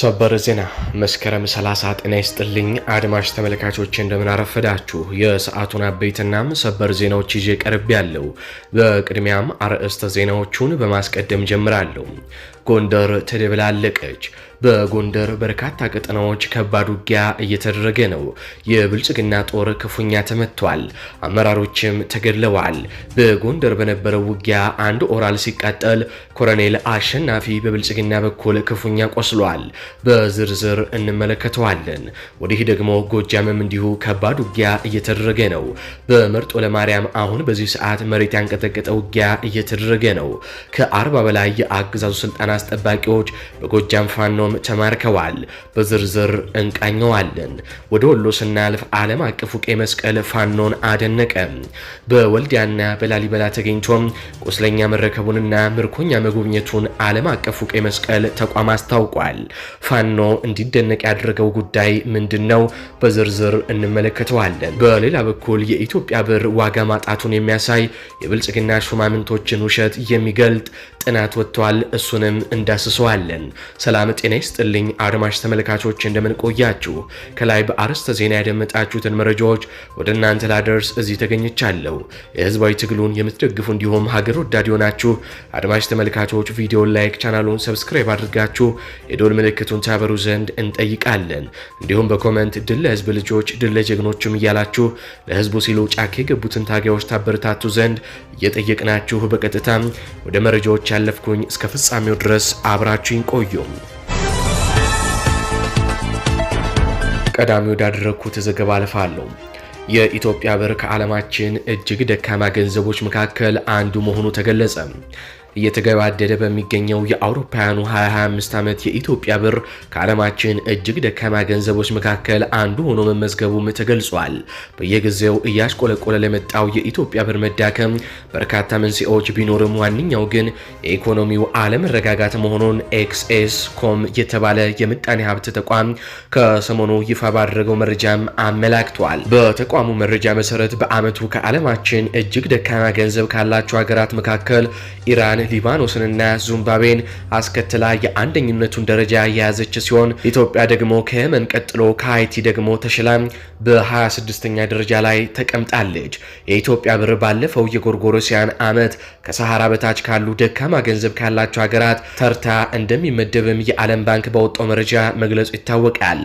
ሰበር ዜና መስከረም 30 ጤና ይስጥልኝ አድማሽ ተመልካቾች፣ እንደምናረፈዳችሁ የሰዓቱን አበይትና ሰበር ዜናዎች ይዤ ቀርቤ ያለው። በቅድሚያም አርዕስተ ዜናዎቹን በማስቀደም ጀምራለሁ። ጎንደር ተደብላለቀች በጎንደር በርካታ ቀጠናዎች ከባድ ውጊያ እየተደረገ ነው። የብልጽግና ጦር ክፉኛ ተመቷል፣ አመራሮችም ተገድለዋል። በጎንደር በነበረው ውጊያ አንድ ኦራል ሲቃጠል፣ ኮሎኔል አሸናፊ በብልጽግና በኩል ክፉኛ ቆስሏል። በዝርዝር እንመለከተዋለን። ወዲህ ደግሞ ጎጃምም እንዲሁ ከባድ ውጊያ እየተደረገ ነው። በመርጦ ለማርያም አሁን በዚህ ሰዓት መሬት ያንቀጠቀጠ ውጊያ እየተደረገ ነው። ከአርባ በላይ የአገዛዙ ስልጣና የዙፋን አስጠባቂዎች በጎጃም ፋኖም ተማርከዋል። በዝርዝር እንቃኘዋለን። ወደ ወሎ ስናልፍ ዓለም አቀፉ ቀይ መስቀል ፋኖን አደነቀ። በወልዲያና በላሊበላ ተገኝቶም ቁስለኛ መረከቡንና ምርኮኛ መጎብኘቱን ዓለም አቀፉ ቀይ መስቀል ተቋም አስታውቋል። ፋኖ እንዲደነቅ ያደረገው ጉዳይ ምንድን ነው? በዝርዝር እንመለከተዋለን። በሌላ በኩል የኢትዮጵያ ብር ዋጋ ማጣቱን የሚያሳይ የብልጽግና ሹማምንቶችን ውሸት የሚገልጥ ጥናት ወጥቷል። እሱንም እንዳስሰዋለን። ሰላም ጤና ይስጥልኝ አድማጭ ተመልካቾች እንደምን ቆያችሁ? ከላይ በአርዕስተ ዜና ያደመጣችሁትን መረጃዎች ወደ እናንተ ላደርስ እዚህ ተገኝቻለሁ። የህዝባዊ ትግሉን የምትደግፉ እንዲሁም ሀገር ወዳድ የሆናችሁ አድማጭ ተመልካቾች ቪዲዮን ላይክ፣ ቻናሉን ሰብስክራይብ አድርጋችሁ የዶል ምልክቱን ታበሩ ዘንድ እንጠይቃለን። እንዲሁም በኮመንት ድል ለህዝብ ልጆች ድል ለጀግኖችም እያላችሁ ለህዝቡ ሲሉ ጫካ የገቡትን ታጋዮች ታበረታቱ ዘንድ እየጠየቅናችሁ በቀጥታ ወደ መረጃዎች ያለፍኩኝ እስከ ፍጻሜው ድረስ ድረስ አብራችሁኝ ቆዩም። ቀዳሚ ወዳደረግኩት ዘገባ አልፋለሁ። የኢትዮጵያ ብር ከዓለማችን እጅግ ደካማ ገንዘቦች መካከል አንዱ መሆኑ ተገለጸ። እየተገባደደ በሚገኘው የአውሮፓውያኑ 2025 ዓመት የኢትዮጵያ ብር ከዓለማችን እጅግ ደካማ ገንዘቦች መካከል አንዱ ሆኖ መመዝገቡም ተገልጿል። በየጊዜው እያሽቆለቆለ ለመጣው የኢትዮጵያ ብር መዳከም በርካታ መንስኤዎች ቢኖርም ዋነኛው ግን የኢኮኖሚው አለመረጋጋት መሆኑን ኤክስኤስ ኮም የተባለ የምጣኔ ሀብት ተቋም ከሰሞኑ ይፋ ባደረገው መረጃም አመላክቷል። በተቋሙ መረጃ መሰረት በዓመቱ ከዓለማችን እጅግ ደካማ ገንዘብ ካላቸው ሀገራት መካከል ኢራን ሊባኖስንና ዙምባቤን አስከትላ የአንደኝነቱን ደረጃ የያዘች ሲሆን ኢትዮጵያ ደግሞ ከየመን ቀጥሎ ከሀይቲ ደግሞ ተሽላ በ26ኛ ደረጃ ላይ ተቀምጣለች። የኢትዮጵያ ብር ባለፈው የጎርጎሮሲያን ዓመት ከሰሃራ በታች ካሉ ደካማ ገንዘብ ካላቸው ሀገራት ተርታ እንደሚመደብም የዓለም ባንክ በወጣው መረጃ መግለጹ ይታወቃል።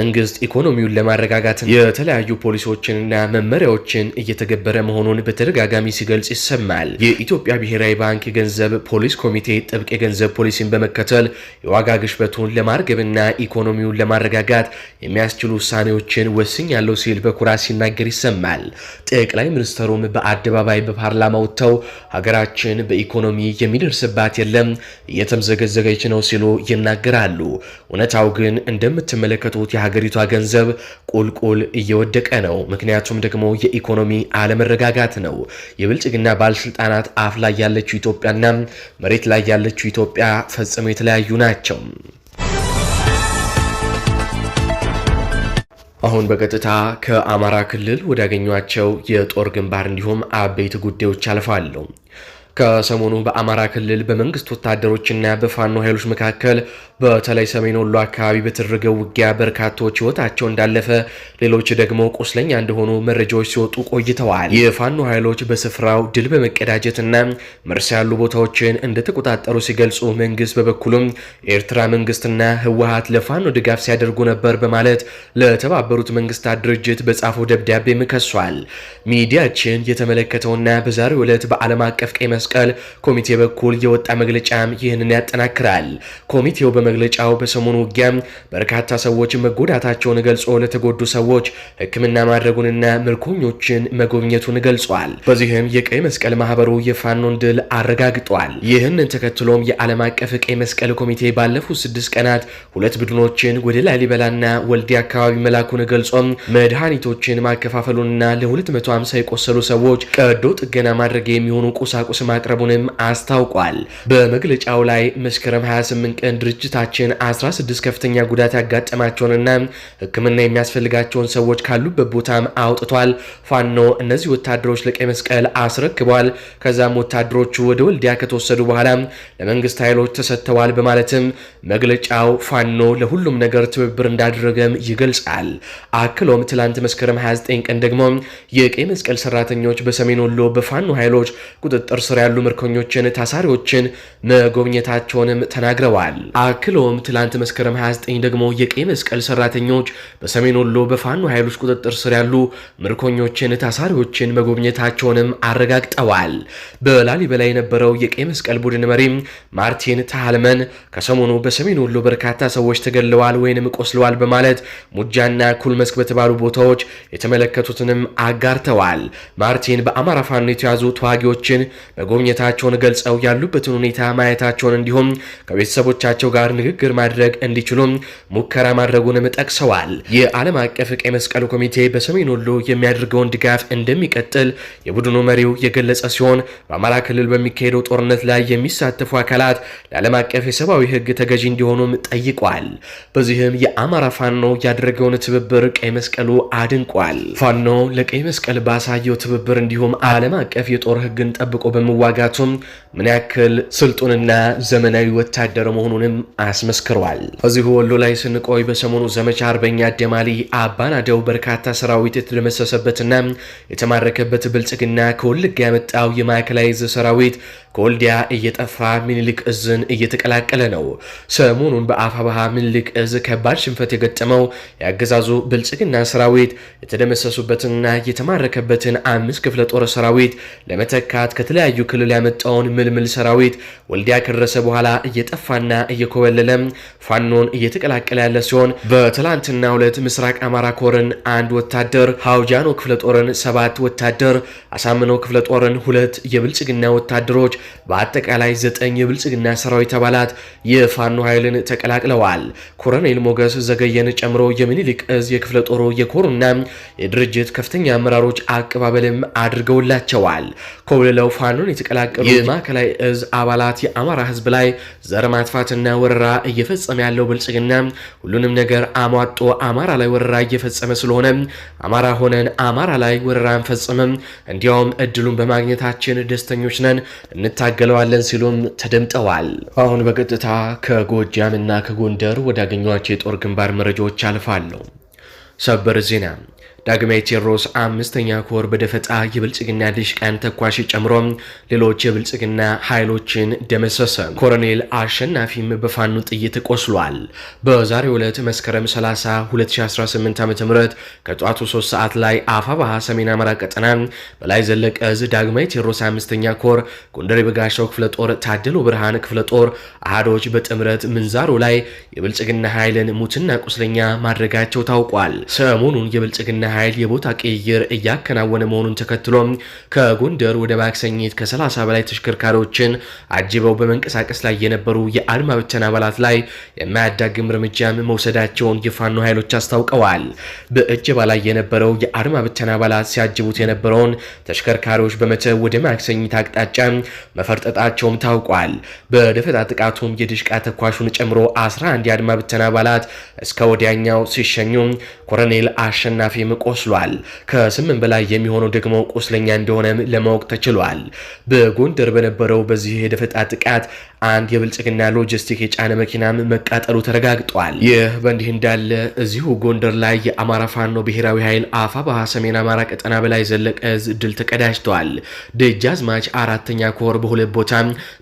መንግስት ኢኮኖሚውን ለማረጋጋት የተለያዩ ፖሊሲዎችንና መመሪያዎችን እየተገበረ መሆኑን በተደጋጋሚ ሲገልጽ ይሰማል። የኢትዮጵያ ብሔራዊ ባንክ ገንዘብ ገንዘብ ፖሊስ ኮሚቴ ጥብቅ የገንዘብ ፖሊሲን በመከተል የዋጋ ግሽበቱን ለማርገብና ኢኮኖሚውን ለማረጋጋት የሚያስችሉ ውሳኔዎችን ወስኝ ያለው ሲል በኩራት ሲናገር ይሰማል። ጠቅላይ ሚኒስትሩም በአደባባይ በፓርላማ ወጥተው ሀገራችን በኢኮኖሚ የሚደርስባት የለም እየተምዘገዘገች ነው ሲሉ ይናገራሉ። እውነታው ግን እንደምትመለከቱት የሀገሪቷ ገንዘብ ቁልቁል እየወደቀ ነው። ምክንያቱም ደግሞ የኢኮኖሚ አለመረጋጋት ነው። የብልጽግና ባለስልጣናት አፍ ላይ ያለችው ኢትዮጵያና መሬት ላይ ያለችው ኢትዮጵያ ፈጽሞ የተለያዩ ናቸው። አሁን በቀጥታ ከአማራ ክልል ወዳገኟቸው የጦር ግንባር እንዲሁም አበይት ጉዳዮች አልፋለሁ። ከሰሞኑ በአማራ ክልል በመንግስት ወታደሮችና በፋኖ ኃይሎች መካከል በተለይ ሰሜን ወሎ አካባቢ በተደረገው ውጊያ በርካቶች ህይወታቸው እንዳለፈ ሌሎች ደግሞ ቁስለኛ እንደሆኑ መረጃዎች ሲወጡ ቆይተዋል። የፋኖ ኃይሎች በስፍራው ድል በመቀዳጀትና መርስ ያሉ ቦታዎችን እንደተቆጣጠሩ ሲገልጹ፣ መንግስት በበኩሉም የኤርትራ መንግስትና ህወሀት ለፋኖ ድጋፍ ሲያደርጉ ነበር በማለት ለተባበሩት መንግስታት ድርጅት በጻፈው ደብዳቤ ከሷል። ሚዲያችን የተመለከተውና በዛሬው ዕለት በዓለም አቀፍ ቀይ መስቀል ኮሚቴ በኩል የወጣ መግለጫም ይህንን ያጠናክራል። ኮሚቴው በመግለጫው በሰሞኑ ውጊያም በርካታ ሰዎች መጎዳታቸውን ገልጾ ለተጎዱ ሰዎች ሕክምና ማድረጉንና ምርኮኞችን መጎብኘቱን ገልጿል። በዚህም የቀይ መስቀል ማህበሩ የፋኖን ድል አረጋግጧል። ይህንን ተከትሎም የዓለም አቀፍ ቀይ መስቀል ኮሚቴ ባለፉት ስድስት ቀናት ሁለት ቡድኖችን ወደ ላሊበላና ወልዲ አካባቢ መላኩን ገልጾም መድኃኒቶችን ማከፋፈሉንና ለ250 የቆሰሉ ሰዎች ቀዶ ጥገና ማድረግ የሚሆኑ ቁሳቁስ ማቅረቡንም አስታውቋል። በመግለጫው ላይ መስከረም 28 ቀን ድርጅታችን 16 ከፍተኛ ጉዳት ያጋጠማቸውንና ሕክምና የሚያስፈልጋቸውን ሰዎች ካሉበት ቦታም አውጥቷል። ፋኖ እነዚህ ወታደሮች ለቀይ መስቀል አስረክቧል። ከዛም ወታደሮቹ ወደ ወልዲያ ከተወሰዱ በኋላ ለመንግስት ኃይሎች ተሰጥተዋል በማለትም መግለጫው ፋኖ ለሁሉም ነገር ትብብር እንዳደረገም ይገልጻል። አክሎም ትላንት መስከረም 29 ቀን ደግሞ የቀይ መስቀል ሰራተኞች በሰሜን ወሎ በፋኖ ኃይሎች ቁጥጥር ስር ስር ያሉ ምርኮኞችን፣ ታሳሪዎችን መጎብኘታቸውንም ተናግረዋል። አክሎም ትላንት መስከረም 29 ደግሞ የቀይ መስቀል ሰራተኞች በሰሜን ወሎ በፋኖ ኃይሎች ቁጥጥር ስር ያሉ ምርኮኞችን፣ ታሳሪዎችን መጎብኘታቸውንም አረጋግጠዋል። በላሊበላ የነበረው የቀይ መስቀል ቡድን መሪም ማርቲን ታህልመን ከሰሞኑ በሰሜን ወሎ በርካታ ሰዎች ተገለዋል ወይንም ቆስለዋል በማለት ሙጃና ኩልመስክ በተባሉ ቦታዎች የተመለከቱትንም አጋርተዋል። ማርቲን በአማራ ፋኖ የተያዙ ተዋጊዎችን መጎብኘታቸውን ገልጸው ያሉበትን ሁኔታ ማየታቸውን እንዲሁም ከቤተሰቦቻቸው ጋር ንግግር ማድረግ እንዲችሉ ሙከራ ማድረጉንም ጠቅሰዋል። የዓለም አቀፍ ቀይ መስቀል ኮሚቴ በሰሜን ወሎ የሚያደርገውን ድጋፍ እንደሚቀጥል የቡድኑ መሪው የገለጸ ሲሆን በአማራ ክልል በሚካሄደው ጦርነት ላይ የሚሳተፉ አካላት ለዓለም አቀፍ የሰብአዊ ሕግ ተገዢ እንዲሆኑም ጠይቋል። በዚህም የአማራ ፋኖ ያደረገውን ትብብር ቀይ መስቀሉ አድንቋል። ፋኖ ለቀይ መስቀል ባሳየው ትብብር እንዲሁም ዓለም አቀፍ የጦር ሕግን ጠብቆ በመ መዋጋቱም ምን ያክል ስልጡንና ዘመናዊ ወታደር መሆኑንም አስመስክሯል። እዚሁ ወሎ ላይ ስንቆይ በሰሞኑ ዘመቻ አርበኛ አደማሊ አባናደው በርካታ ሰራዊት የተደመሰሰበትና የተማረከበት ብልጽግና ከሁልጋ ያመጣው የማዕከላዊ ሰራዊት ከወልዲያ እየጠፋ ምኒልክ እዝን እየተቀላቀለ ነው። ሰሞኑን በአፋባሃ ሚኒልክ እዝ ከባድ ሽንፈት የገጠመው የአገዛዙ ብልጽግና ሰራዊት የተደመሰሱበትንና የተማረከበትን አምስት ክፍለ ጦር ሰራዊት ለመተካት ከተለያዩ ክልል ያመጣውን ምልምል ሰራዊት ወልዲያ ከደረሰ በኋላ እየጠፋና እየኮበለለ ፋኖን እየተቀላቀለ ያለ ሲሆን በትላንትና ሁለት ምስራቅ አማራ ኮርን አንድ ወታደር፣ ሀውጃኖ ክፍለ ጦርን ሰባት ወታደር፣ አሳምነው ክፍለ ጦርን ሁለት የብልጽግና ወታደሮች በአጠቃላይ ዘጠኝ የብልጽግና ሰራዊት አባላት የፋኖ ኃይልን ተቀላቅለዋል። ኮሎኔል ሞገስ ዘገየን ጨምሮ የሚኒሊክ እዝ የክፍለ ጦሩ የኮሩና የድርጅት ከፍተኛ አመራሮች አቀባበልም አድርገውላቸዋል። ኮብልለው ፋኖን የተቀላቀሉ የማዕከላዊ እዝ አባላት የአማራ ህዝብ ላይ ዘር ማጥፋትና ወረራ እየፈጸመ ያለው ብልጽግና ሁሉንም ነገር አሟጦ አማራ ላይ ወረራ እየፈጸመ ስለሆነ አማራ ሆነን አማራ ላይ ወረራ አንፈጽምም፣ እንዲያውም እድሉን በማግኘታችን ደስተኞች ነን እንታገለዋለን ሲሉም ተደምጠዋል። አሁን በቀጥታ ከጎጃም እና ከጎንደር ወዳገኟቸው የጦር ግንባር መረጃዎች አልፋለሁ። ሰበር ዜና ዳግማዊ ቴዎድሮስ አምስተኛ ኮር በደፈጣ የብልጽግና ዲሽቃን ተኳሽ ጨምሮ ሌሎች የብልጽግና ኃይሎችን ደመሰሰ። ኮሎኔል አሸናፊም በፋኑ ጥይት ቆስሏል። በዛሬው ዕለት መስከረም 30 2018 ዓ.ም ከጠዋቱ 3 ሰዓት ላይ አፋባሃ ሰሜን አማራ ቀጠና በላይ ዘለቀ እዝ ዳግማዊ ቴዎድሮስ አምስተኛ ኮር ጎንደር የበጋሻው ክፍለ ጦር፣ ታደሎ ብርሃን ክፍለ ጦር አህዶች በጥምረት ምንዛሩ ላይ የብልጽግና ኃይልን ሙትና ቁስለኛ ማድረጋቸው ታውቋል። ሰሞኑን የብልጽግና ኃይል የቦታ ቅይር እያከናወነ መሆኑን ተከትሎ ከጎንደር ወደ ማክሰኝት ከ30 በላይ ተሽከርካሪዎችን አጅበው በመንቀሳቀስ ላይ የነበሩ የአድማ ብተና አባላት ላይ የማያዳግም እርምጃም መውሰዳቸውን የፋኖ ኃይሎች አስታውቀዋል። በእጅባ ላይ የነበረው የአድማ ብተና አባላት ሲያጅቡት የነበረውን ተሽከርካሪዎች በመተ ወደ ማክሰኝት አቅጣጫ መፈርጠጣቸውም ታውቋል። በደፈጣ ጥቃቱም የድሽቃ ተኳሹን ጨምሮ 11 የአድማ ብተና አባላት እስከ ወዲያኛው ሲሸኙ ኮሎኔል አሸናፊ ምቆ ቆስሏል። ከስምንት በላይ የሚሆነው ደግሞ ቁስለኛ እንደሆነም ለማወቅ ተችሏል። በጎንደር በነበረው በዚህ የደፈጣ ጥቃት አንድ የብልጽግና ሎጂስቲክ የጫነ መኪናም መቃጠሉ ተረጋግጧል። ይህ በእንዲህ እንዳለ እዚሁ ጎንደር ላይ የአማራ ፋኖ ብሔራዊ ኃይል አፋባሃ ሰሜን አማራ ቀጠና በላይ ዘለቀ ድል ተቀዳጅተዋል። ደጃዝማች አራተኛ ኮር በሁለት ቦታ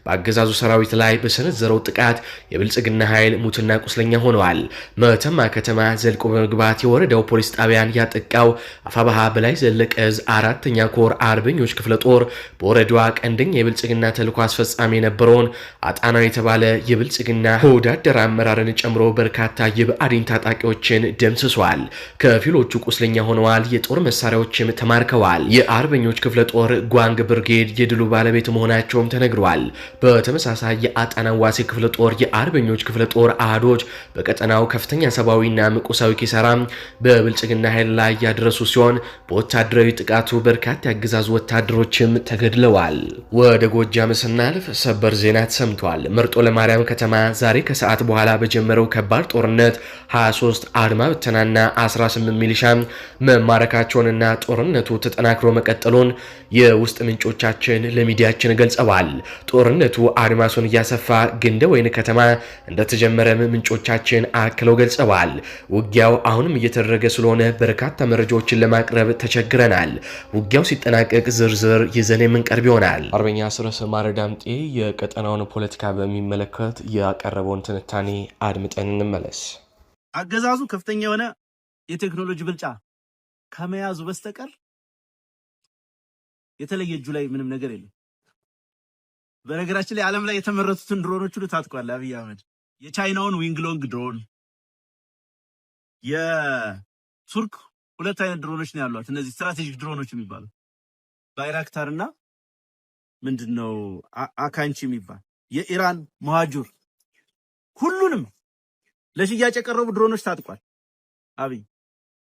በአገዛዙ ሰራዊት ላይ በሰነዘረው ጥቃት የብልጽግና ኃይል ሙትና ቁስለኛ ሆነዋል። መተማ ከተማ ዘልቆ በመግባት የወረዳው ፖሊስ ጣቢያን ያጠቀ የተዘጋው አፋባሃ በላይ ዘለቀ እዝ አራተኛ ኮር አርበኞች ክፍለ ጦር በወረዳዋ ቀንደኛ የብልጽግና ተልኮ አስፈጻሚ የነበረውን አጣናው የተባለ የብልጽግና ወዳደር አመራርን ጨምሮ በርካታ የብአዴን ታጣቂዎችን ደምስሷል። ከፊሎቹ ቁስለኛ ሆነዋል። የጦር መሳሪያዎችም ተማርከዋል። የአርበኞች ክፍለ ጦር ጓንግ ብርጌድ የድሉ ባለቤት መሆናቸውም ተነግሯል። በተመሳሳይ የአጣና ዋሴ ክፍለ ጦር፣ የአርበኞች ክፍለ ጦር አህዶች በቀጠናው ከፍተኛ ሰብአዊና ምቁሳዊ ኪሳራ በብልጽግና ኃይል ላይ እያደረሱ ሲሆን በወታደራዊ ጥቃቱ በርካታ የአገዛዙ ወታደሮችም ተገድለዋል። ወደ ጎጃም ስናልፍ ሰበር ዜና ተሰምቷል። መርጦ ለማርያም ከተማ ዛሬ ከሰዓት በኋላ በጀመረው ከባድ ጦርነት 23 አድማ ብተናና 18 ሚሊሻ መማረካቸውንና ጦርነቱ ተጠናክሮ መቀጠሉን የውስጥ ምንጮቻችን ለሚዲያችን ገልጸዋል። ጦርነቱ አድማሱን እያሰፋ ግንደ ወይን ከተማ እንደተጀመረም ምንጮቻችን አክለው ገልጸዋል። ውጊያው አሁንም እየተደረገ ስለሆነ በርካታ መረጃዎችን ለማቅረብ ተቸግረናል። ውጊያው ሲጠናቀቅ ዝርዝር ይዘን የምንቀርብ ይሆናል። አርበኛ ስረሰ ማረዳምጤ የቀጠናውን ፖለቲካ በሚመለከት ያቀረበውን ትንታኔ አድምጠን እንመለስ። አገዛዙ ከፍተኛ የሆነ የቴክኖሎጂ ብልጫ ከመያዙ በስተቀር የተለየ እጁ ላይ ምንም ነገር የለም። በነገራችን ላይ ዓለም ላይ የተመረቱትን ድሮኖች ሁሉ ታጥቋል አብይ አህመድ። የቻይናውን ዊንግሎንግ ድሮን፣ የቱርክ ሁለት አይነት ድሮኖች ነው ያሏት። እነዚህ ስትራቴጂክ ድሮኖች የሚባሉ ባይራክታር እና ምንድን ነው አካንቺ የሚባል የኢራን መሃጁር ሁሉንም ለሽያጭ የቀረቡ ድሮኖች ታጥቋል አብይ።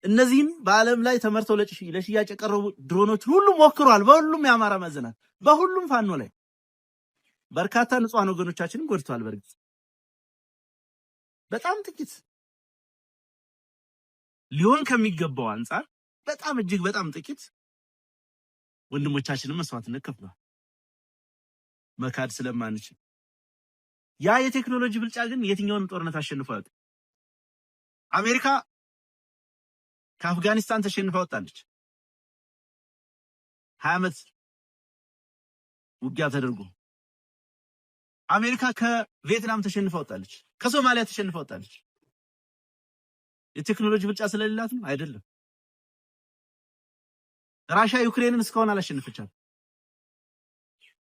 እነዚህም በዓለም ላይ ተመርተው ለሽያጭ የቀረቡ ድሮኖች ሁሉም ሞክሯል። በሁሉም የአማራ መዘናት፣ በሁሉም ፋኖ ላይ በርካታ ንጹሐን ወገኖቻችንን ጎድተዋል። በእርግጥ በጣም ጥቂት ሊሆን ከሚገባው አንጻር በጣም እጅግ በጣም ጥቂት ወንድሞቻችንን መስዋዕትነት ከፍሏል። መካድ ስለማንችል ያ የቴክኖሎጂ ብልጫ ግን የትኛውን ጦርነት አሸንፎ ያውቅ። አሜሪካ ከአፍጋኒስታን ተሸንፋ ወጣለች። ሀያ ዓመት ውጊያ ተደርጎ አሜሪካ ከቪየትናም ተሸንፋ ወጣለች። ከሶማሊያ ተሸንፋ ወጣለች። የቴክኖሎጂ ብልጫ ስለሌላት ነው አይደለም። ራሻ ዩክሬንን እስካሁን አላሸነፈቻት።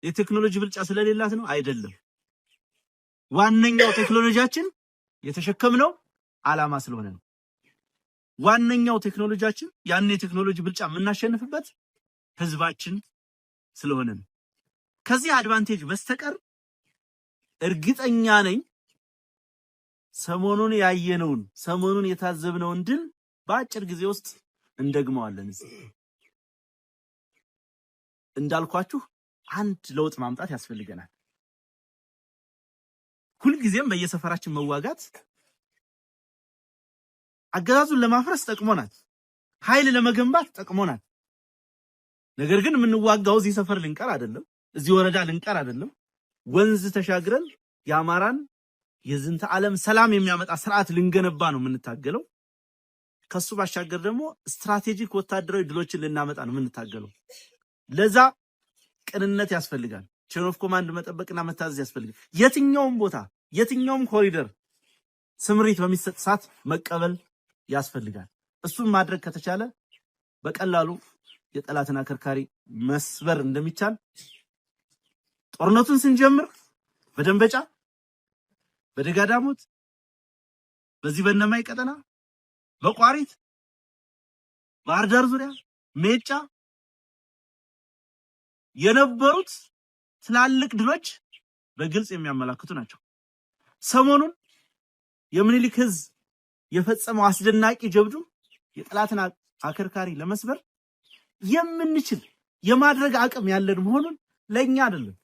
የቴክኖሎጂ ብልጫ ስለሌላት ነው አይደለም። ዋነኛው ቴክኖሎጂያችን የተሸከምነው አላማ ስለሆነ ነው። ዋነኛው ቴክኖሎጂያችን ያን የቴክኖሎጂ ብልጫ የምናሸንፍበት ህዝባችን ስለሆነ ነው። ከዚህ አድቫንቴጅ በስተቀር እርግጠኛ ነኝ ሰሞኑን ያየነውን ሰሞኑን የታዘብነውን ድል በአጭር ጊዜ ውስጥ እንደግመዋለን። እንዳልኳችሁ አንድ ለውጥ ማምጣት ያስፈልገናል። ሁልጊዜም በየሰፈራችን መዋጋት አገዛዙን ለማፍረስ ጠቅሞናል፣ ኃይል ለመገንባት ጠቅሞናል። ነገር ግን የምንዋጋው እዚህ ሰፈር ልንቀር አይደለም፣ እዚህ ወረዳ ልንቀር አይደለም። ወንዝ ተሻግረን የአማራን የዝንተ ዓለም ሰላም የሚያመጣ ስርዓት ልንገነባ ነው የምንታገለው። ከሱ ባሻገር ደግሞ ስትራቴጂክ ወታደራዊ ድሎችን ልናመጣ ነው የምንታገለው። ለዛ ቅንነት ያስፈልጋል። ቼን ኦፍ ኮማንድ መጠበቅና መታዘዝ ያስፈልጋል። የትኛውም ቦታ የትኛውም ኮሪደር ስምሪት በሚሰጥ ሰዓት መቀበል ያስፈልጋል። እሱን ማድረግ ከተቻለ በቀላሉ የጠላትን አከርካሪ መስበር እንደሚቻል ጦርነቱን ስንጀምር በደንበጫ በደጋዳሞት፣ በዚህ በነማይ ቀጠና በቋሪት ባህር ዳር ዙሪያ ሜጫ የነበሩት ትላልቅ ድሎች በግልጽ የሚያመላክቱ ናቸው። ሰሞኑን የምኒልክ ህዝብ የፈጸመው አስደናቂ ጀብዱ የጠላትን አከርካሪ ለመስበር የምንችል የማድረግ አቅም ያለን መሆኑን ለእኛ አይደለም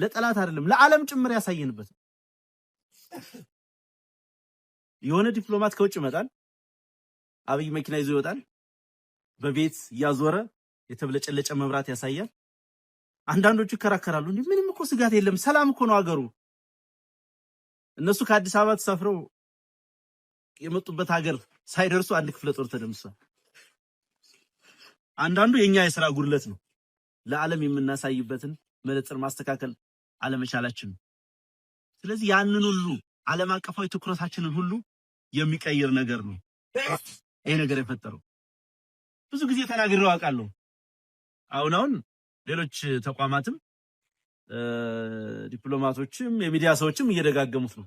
ለጠላት አይደለም ለዓለም ጭምር ያሳየንበት የሆነ ዲፕሎማት ከውጭ ይመጣል፣ አብይ መኪና ይዞ ይወጣል፣ በቤት እያዞረ የተብለጨለጨ መብራት ያሳያል። አንዳንዶቹ ይከራከራሉ። እንዲህ ምንም እኮ ስጋት የለም፣ ሰላም እኮ ነው አገሩ። እነሱ ከአዲስ አበባ ተሳፍረው የመጡበት ሀገር ሳይደርሱ አንድ ክፍለ ጦር ተደምሷል። አንዳንዱ የኛ የስራ ጉድለት ነው፣ ለዓለም የምናሳይበትን መነጽር ማስተካከል አለመቻላችን ነው። ስለዚህ ያንን ሁሉ ዓለም አቀፋዊ ትኩረታችንን ሁሉ የሚቀይር ነገር ነው ይሄ ነገር የፈጠረው። ብዙ ጊዜ ተናግሬው አውቃለሁ። አሁን አሁን ሌሎች ተቋማትም ዲፕሎማቶችም የሚዲያ ሰዎችም እየደጋገሙት ነው።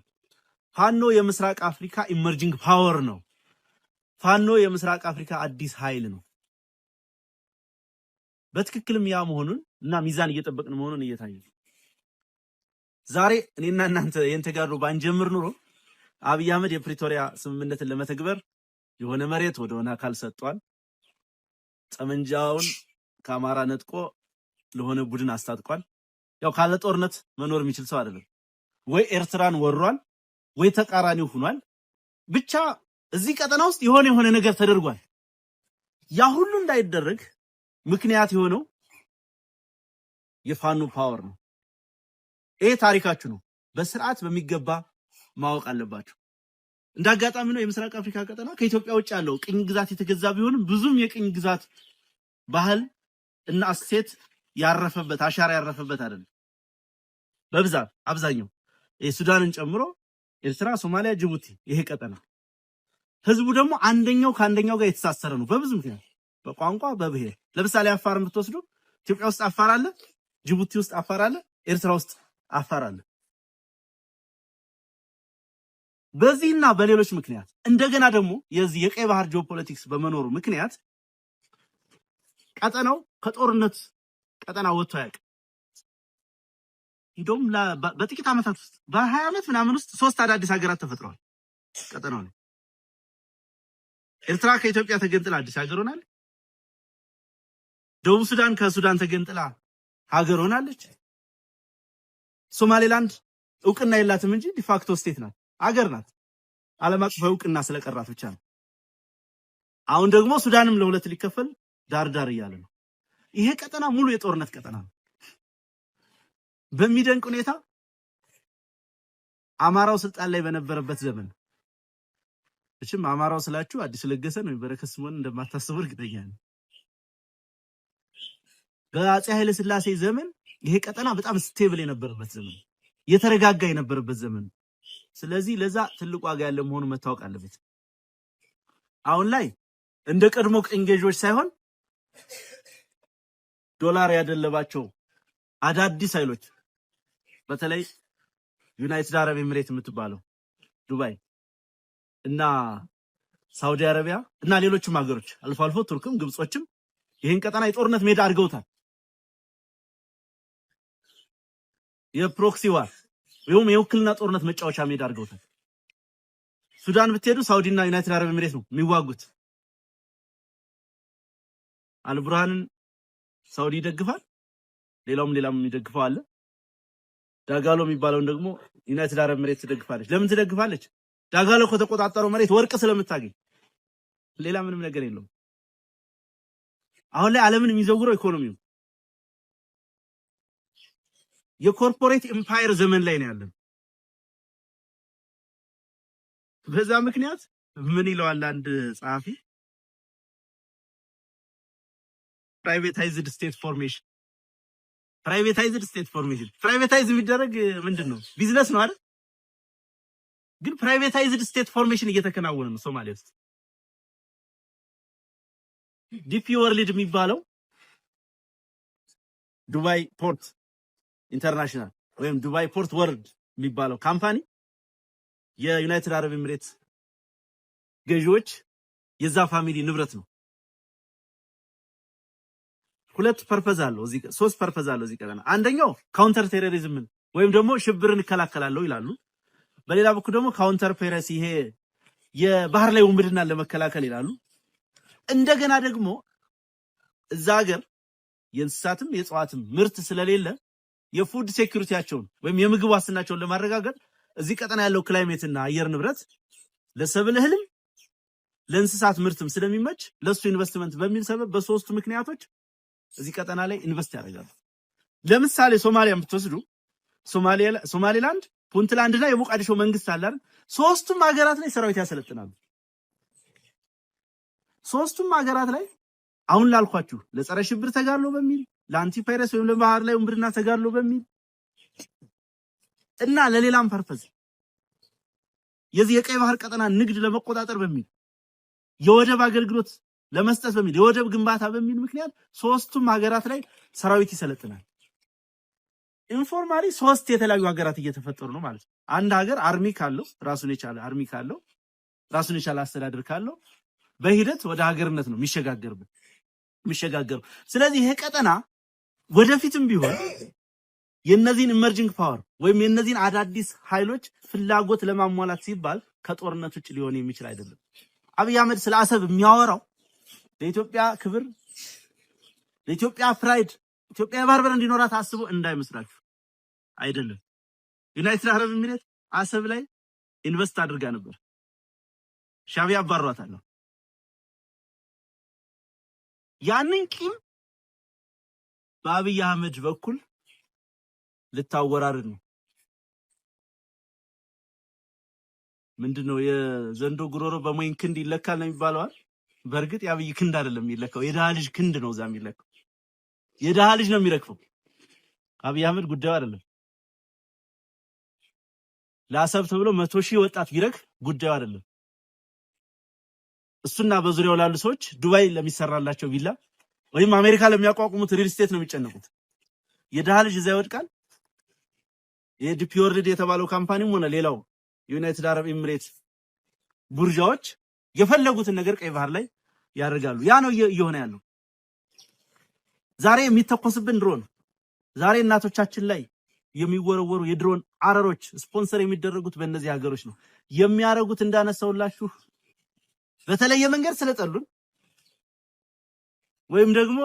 ፋኖ የምስራቅ አፍሪካ ኢመርጂንግ ፓወር ነው። ፋኖ የምስራቅ አፍሪካ አዲስ ኃይል ነው። በትክክልም ያ መሆኑን እና ሚዛን እየጠበቅን መሆኑን እየታየ ዛሬ እኔና እናንተ ይህን ተጋድሎ ባንጀምር ኑሮ አብይ አህመድ የፕሪቶሪያ ስምምነትን ለመተግበር የሆነ መሬት ወደ ሆነ አካል ሰጥቷል። ጠመንጃውን ከአማራ ነጥቆ ለሆነ ቡድን አስታጥቋል። ያው ካለ ጦርነት መኖር የሚችል ሰው አይደለም። ወይ ኤርትራን ወሯል፣ ወይ ተቃራኒው ሆኗል። ብቻ እዚህ ቀጠና ውስጥ የሆነ የሆነ ነገር ተደርጓል። ያ ሁሉ እንዳይደረግ ምክንያት የሆነው የፋኖ ፓወር ነው። ይሄ ታሪካችሁ ነው። በስርዓት በሚገባ ማወቅ አለባችሁ። እንደ አጋጣሚ ነው የምስራቅ አፍሪካ ቀጠና ከኢትዮጵያ ውጭ ያለው ቅኝ ግዛት የተገዛ ቢሆንም ብዙም የቅኝ ግዛት ባህል እና እሴት ያረፈበት አሻራ ያረፈበት አይደለም። በብዛት አብዛኛው የሱዳንን ጨምሮ ኤርትራ፣ ሶማሊያ፣ ጅቡቲ ይሄ ቀጠና ህዝቡ ደግሞ አንደኛው ከአንደኛው ጋር የተሳሰረ ነው በብዙ ምክንያት በቋንቋ በብሔር። ለምሳሌ አፋርን ብትወስዱ ኢትዮጵያ ውስጥ አፋር አለ፣ ጅቡቲ ውስጥ አፋር አለ፣ ኤርትራ ውስጥ አፈራለ። አለ። በዚህና በሌሎች ምክንያት እንደገና ደግሞ የዚህ የቀይ ባህር ጂኦፖለቲክስ በመኖሩ ምክንያት ቀጠናው ከጦርነት ቀጠና ወጥቶ አያውቅም። እንደውም በጥቂት ዓመታት ውስጥ በሀያ ዓመት ምናምን ውስጥ ሶስት አዳዲስ ሀገራት ተፈጥረዋል። ቀጠናው ላይ ኤርትራ ከኢትዮጵያ ተገንጥላ አዲስ ሀገር ሆናለች። ደቡብ ሱዳን ከሱዳን ተገንጥላ ሀገር ሆናለች። ሶማሌላንድ እውቅና የላትም እንጂ ዲፋክቶ ስቴት ናት፣ አገር ናት። ዓለም አቀፍ እውቅና ስለቀራት ብቻ ነው። አሁን ደግሞ ሱዳንም ለሁለት ሊከፈል ዳርዳር እያለ ነው። ይሄ ቀጠና ሙሉ የጦርነት ቀጠና ነው። በሚደንቅ ሁኔታ አማራው ስልጣን ላይ በነበረበት ዘመን እችም አማራው ስላችሁ አዲስ ለገሰን ወይ በረከት ስምኦንን እንደማታስቡ እርግጠኛ ነኝ። በአፄ ኃይለ ስላሴ ዘመን ይሄ ቀጠና በጣም ስቴብል የነበረበት ዘመን፣ የተረጋጋ የነበረበት ዘመን። ስለዚህ ለዛ ትልቅ ዋጋ ያለ መሆኑ መታወቅ አለበት። አሁን ላይ እንደ ቀድሞ ቅኝ ገዢዎች ሳይሆን ዶላር ያደለባቸው አዳዲስ ኃይሎች በተለይ ዩናይትድ አረብ ኤምሬት የምትባለው ዱባይ እና ሳውዲ አረቢያ እና ሌሎችም ሀገሮች አልፎ አልፎ ቱርክም ግብጾችም ይህን ቀጠና የጦርነት ሜዳ አድርገውታል። የፕሮክሲ ዋር ወይም የውክልና ጦርነት መጫወቻ ሜዳ አድርገውታል። ሱዳን ብትሄዱ ሳውዲና ዩናይትድ አረብ ኤምሬት ነው የሚዋጉት። አልቡርሃንን ሳውዲ ይደግፋል፣ ሌላውም ሌላም የሚደግፈው አለ። ዳጋሎ የሚባለውን ደግሞ ዩናይትድ አረብ ኤምሬት ትደግፋለች። ለምን ትደግፋለች? ዳጋሎ ከተቆጣጠረው መሬት ወርቅ ስለምታገኝ፣ ሌላ ምንም ነገር የለውም። አሁን ላይ ዓለምን የሚዘውረው ኢኮኖሚው የኮርፖሬት ኢምፓየር ዘመን ላይ ነው ያለን። በዛ ምክንያት ምን ይለዋል አንድ ጸሐፊ ፕራይቬታይዝድ ስቴት ፎርሜሽን ፕራይቬታይዝድ ስቴት ፎርሜሽን ፕራይቬታይዝ የሚደረግ ምንድን ነው? ቢዝነስ ነው አይደል? ግን ፕራይቬታይዝድ ስቴት ፎርሜሽን እየተከናወነ ነው ሶማሌ ውስጥ። ዲፒ ወርልድ የሚባለው ዱባይ ፖርት ኢንተርናሽናል ወይም ዱባይ ፖርት ወርልድ የሚባለው ካምፓኒ የዩናይትድ አረብ ኤምሬት ገዢዎች የዛ ፋሚሊ ንብረት ነው። ሁለት ፐርፐዝ አለው እዚህ ሶስት ፐርፐዝ አለው እዚህ ቀጠና። አንደኛው ካውንተር ቴሮሪዝምን ወይም ደግሞ ሽብርን እከላከላለሁ ይላሉ። በሌላ በኩል ደግሞ ካውንተር ፔረስ ይሄ የባህር ላይ ውንብድናን ለመከላከል ይላሉ። እንደገና ደግሞ እዛ ሀገር የእንስሳትም የእጽዋትም ምርት ስለሌለ የፉድ ሴኩሪቲያቸውን ወይም የምግብ ዋስትናቸውን ለማረጋገጥ እዚህ ቀጠና ያለው ክላይሜትና አየር ንብረት ለሰብል እህልም ለእንስሳት ምርትም ስለሚመች ለእሱ ኢንቨስትመንት በሚል ሰበብ በሶስቱ ምክንያቶች እዚህ ቀጠና ላይ ኢንቨስት ያደርጋሉ። ለምሳሌ ሶማሊያን ብትወስዱ ሶማሌላንድ፣ ፑንትላንድ እና የሞቃዲሾ መንግስት አላል ሶስቱም ሀገራት ላይ ሰራዊት ያሰለጥናሉ። ሶስቱም ሀገራት ላይ አሁን ላልኳችሁ ለጸረ ሽብር ተጋድሎ በሚል ለአንቲቫይረስ ወይም ለባህር ላይ ውንብድና ተጋድሎ በሚል እና ለሌላም ፐርፐዝ የዚህ የቀይ ባህር ቀጠና ንግድ ለመቆጣጠር በሚል የወደብ አገልግሎት ለመስጠት በሚል የወደብ ግንባታ በሚል ምክንያት ሶስቱም ሀገራት ላይ ሰራዊት ይሰለጥናል። ኢንፎርማሊ ሶስት የተለያዩ ሀገራት እየተፈጠሩ ነው ማለት ነው። አንድ ሀገር አርሚ ካለው ራሱን የቻለ አርሚ ካለው ራሱን የቻለ አስተዳደር ካለው በሂደት ወደ ሀገርነት ነው የሚሸጋገርበት የሚሸጋገሩ። ስለዚህ ይሄ ቀጠና ወደፊትም ቢሆን የእነዚህን ኢመርጂንግ ፓወር ወይም የእነዚህን አዳዲስ ኃይሎች ፍላጎት ለማሟላት ሲባል ከጦርነት ውጭ ሊሆን የሚችል አይደለም። አብይ አህመድ ስለ አሰብ የሚያወራው ለኢትዮጵያ ክብር፣ ለኢትዮጵያ ፕራይድ፣ ኢትዮጵያ የባህር በር እንዲኖራት አስቦ እንዳይመስላችሁ አይደለም። ዩናይትድ አረብ ኤሚሬት አሰብ ላይ ኢንቨስት አድርጋ ነበር። ሻቢያ አባሯታል ነው ያንን ቂም በአብይ አህመድ በኩል ልታወራርድ ነው። ምንድን ነው የዘንዶ ጉሮሮ በሞይን ክንድ ይለካል ነው የሚባለዋል። በእርግጥ የአብይ ክንድ አይደለም የሚለካው፣ የድሃ ልጅ ክንድ ነው እዛ የሚለካው። የድሃ ልጅ ነው የሚረግፈው። አብይ አህመድ ጉዳዩ አይደለም። ለአሰብ ተብሎ መቶ ሺህ ወጣት ቢረግፍ ጉዳዩ አይደለም። እሱና በዙሪያው ላሉ ሰዎች ዱባይ ለሚሰራላቸው ቪላ ወይም አሜሪካ ለሚያቋቁሙት ሪል ስቴት ነው የሚጨነቁት። የድሃ ልጅ እዛ ይወድቃል። የዲፒ ወርልድ የተባለው ካምፓኒም ሆነ ሌላው የዩናይትድ አረብ ኤምሬት ቡርዣዎች የፈለጉትን ነገር ቀይ ባህር ላይ ያደርጋሉ። ያ ነው እየሆነ ያለው። ዛሬ የሚተኮስብን ድሮን፣ ዛሬ እናቶቻችን ላይ የሚወረወሩ የድሮን አረሮች ስፖንሰር የሚደረጉት በእነዚህ ሀገሮች ነው። የሚያደርጉት እንዳነሳውላችሁ በተለየ መንገድ ስለጠሉን ወይም ደግሞ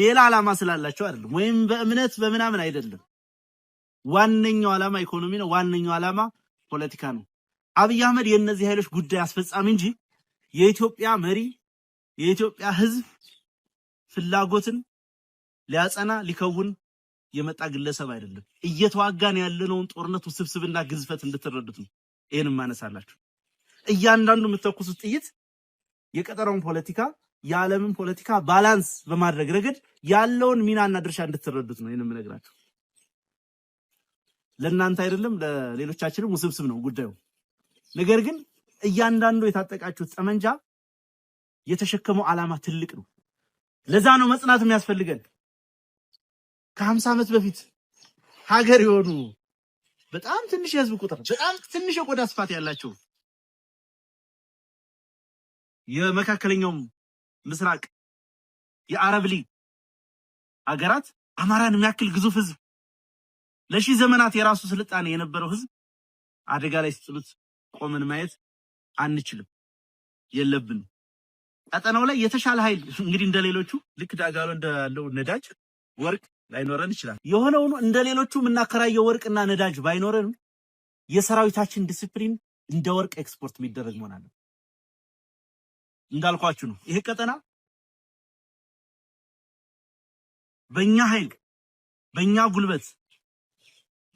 ሌላ ዓላማ ስላላቸው አይደለም፣ ወይም በእምነት በምናምን አይደለም። ዋነኛው ዓላማ ኢኮኖሚ ነው። ዋነኛው ዓላማ ፖለቲካ ነው። አብይ አህመድ የእነዚህ ኃይሎች ጉዳይ አስፈጻሚ እንጂ የኢትዮጵያ መሪ የኢትዮጵያ ሕዝብ ፍላጎትን ሊያጸና ሊከውን የመጣ ግለሰብ አይደለም። እየተዋጋን ያለነውን ጦርነት ውስብስብና ግዝፈት እንድትረዱት ነው ይህን ማነሳላችሁ። እያንዳንዱ የምትተኩሱት ጥይት የቀጠረውን ፖለቲካ የዓለምን ፖለቲካ ባላንስ በማድረግ ረገድ ያለውን ሚናና ድርሻ እንድትረዱት ነው ይህን የምነግራቸው። ለእናንተ አይደለም ለሌሎቻችንም ውስብስብ ነው ጉዳዩ። ነገር ግን እያንዳንዱ የታጠቃችሁት ጠመንጃ የተሸከመው ዓላማ ትልቅ ነው። ለዛ ነው መጽናት የሚያስፈልገን። ከሀምሳ ዓመት በፊት ሀገር የሆኑ በጣም ትንሽ የህዝብ ቁጥር በጣም ትንሽ የቆዳ ስፋት ያላቸው የመካከለኛውም ምስራቅ የአረብ ሊግ አገራት አማራን የሚያክል ግዙፍ ህዝብ ለሺህ ዘመናት የራሱ ስልጣኔ የነበረው ህዝብ አደጋ ላይ ሲጥሉት ቆመን ማየት አንችልም፣ የለብን ቀጠናው ላይ የተሻለ ኃይል እንግዲህ እንደሌሎቹ ልክ ዳጋሎ እንዳለው ነዳጅ ወርቅ ላይኖረን ይችላል። የሆነ ሆኖ እንደሌሎቹ የምናከራየው ወርቅና ነዳጅ ባይኖረንም የሰራዊታችን ዲስፕሊን እንደ ወርቅ ኤክስፖርት የሚደረግ መሆን አለበት። እንዳልኳችሁ ነው። ይሄ ቀጠና በእኛ ኃይል በእኛ ጉልበት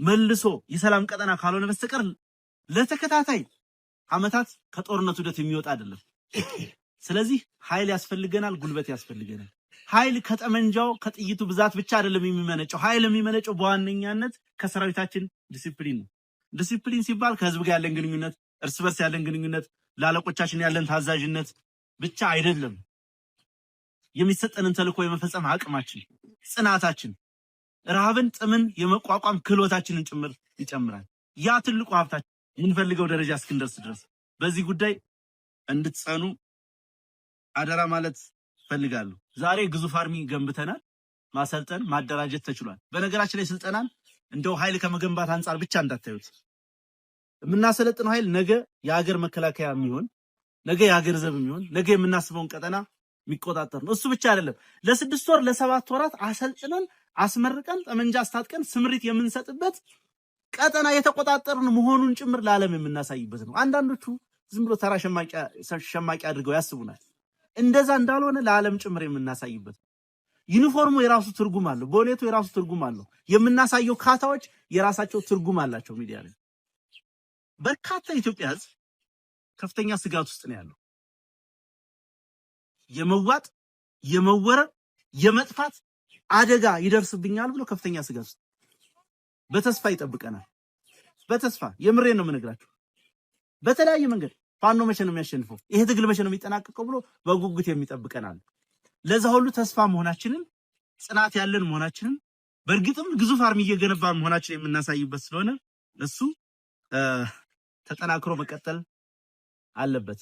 መልሶ የሰላም ቀጠና ካልሆነ በስተቀር ለተከታታይ ዓመታት ከጦርነቱ ደት የሚወጣ አይደለም። ስለዚህ ኃይል ያስፈልገናል፣ ጉልበት ያስፈልገናል። ኃይል ከጠመንጃው ከጥይቱ ብዛት ብቻ አይደለም የሚመነጨው። ኃይል የሚመነጨው በዋነኛነት ከሰራዊታችን ዲሲፕሊን ነው። ዲሲፕሊን ሲባል ከህዝብ ጋር ያለን ግንኙነት፣ እርስ በርስ ያለን ግንኙነት፣ ለአለቆቻችን ያለን ታዛዥነት፣ ብቻ አይደለም የሚሰጠንን ተልዕኮ የመፈጸም አቅማችን፣ ጽናታችን፣ ረሃብን፣ ጥምን የመቋቋም ክህሎታችንን ጭምር ይጨምራል። ያ ትልቁ ሀብታችን የምንፈልገው ደረጃ እስክንደርስ ድረስ በዚህ ጉዳይ እንድትጸኑ አደራ ማለት ፈልጋለሁ። ዛሬ ግዙፍ አርሚ ገንብተናል። ማሰልጠን ማደራጀት ተችሏል። በነገራችን ላይ ስልጠናን እንደው ኃይል ከመገንባት አንጻር ብቻ እንዳታዩት። የምናሰለጥነው ኃይል ነገ የሀገር መከላከያ የሚሆን ነገ የሀገር ዘብ የሚሆን ነገ የምናስበውን ቀጠና የሚቆጣጠር ነው። እሱ ብቻ አይደለም። ለስድስት ወር ለሰባት ወራት አሰልጥነን አስመርቀን ጠመንጃ አስታጥቀን ስምሪት የምንሰጥበት ቀጠና የተቆጣጠርን መሆኑን ጭምር ለዓለም የምናሳይበት ነው። አንዳንዶቹ ዝም ብሎ ተራ ሸማቂ አድርገው ያስቡናል። እንደዛ እንዳልሆነ ለዓለም ጭምር የምናሳይበት ነው። ዩኒፎርሙ የራሱ ትርጉም አለው። በሁኔቱ የራሱ ትርጉም አለው። የምናሳየው ካታዎች የራሳቸው ትርጉም አላቸው። ሚዲያ ላይ በርካታ ኢትዮጵያ ሕዝብ ከፍተኛ ስጋት ውስጥ ነው ያለው። የመዋጥ የመወረር የመጥፋት አደጋ ይደርስብኛል ብሎ ከፍተኛ ስጋት ውስጥ በተስፋ ይጠብቀናል። በተስፋ የምሬ ነው የምነግራችሁ። በተለያየ መንገድ ፋኖ መቼ ነው የሚያሸንፈው፣ ይሄ ትግል መቼ ነው የሚጠናቀቀው ብሎ በጉጉት የሚጠብቀናል። ለዛ ሁሉ ተስፋ መሆናችንን ጽናት ያለን መሆናችንን በእርግጥም ግዙፍ አርሚ እየገነባ መሆናችን የምናሳይበት ስለሆነ እሱ ተጠናክሮ መቀጠል አለበት።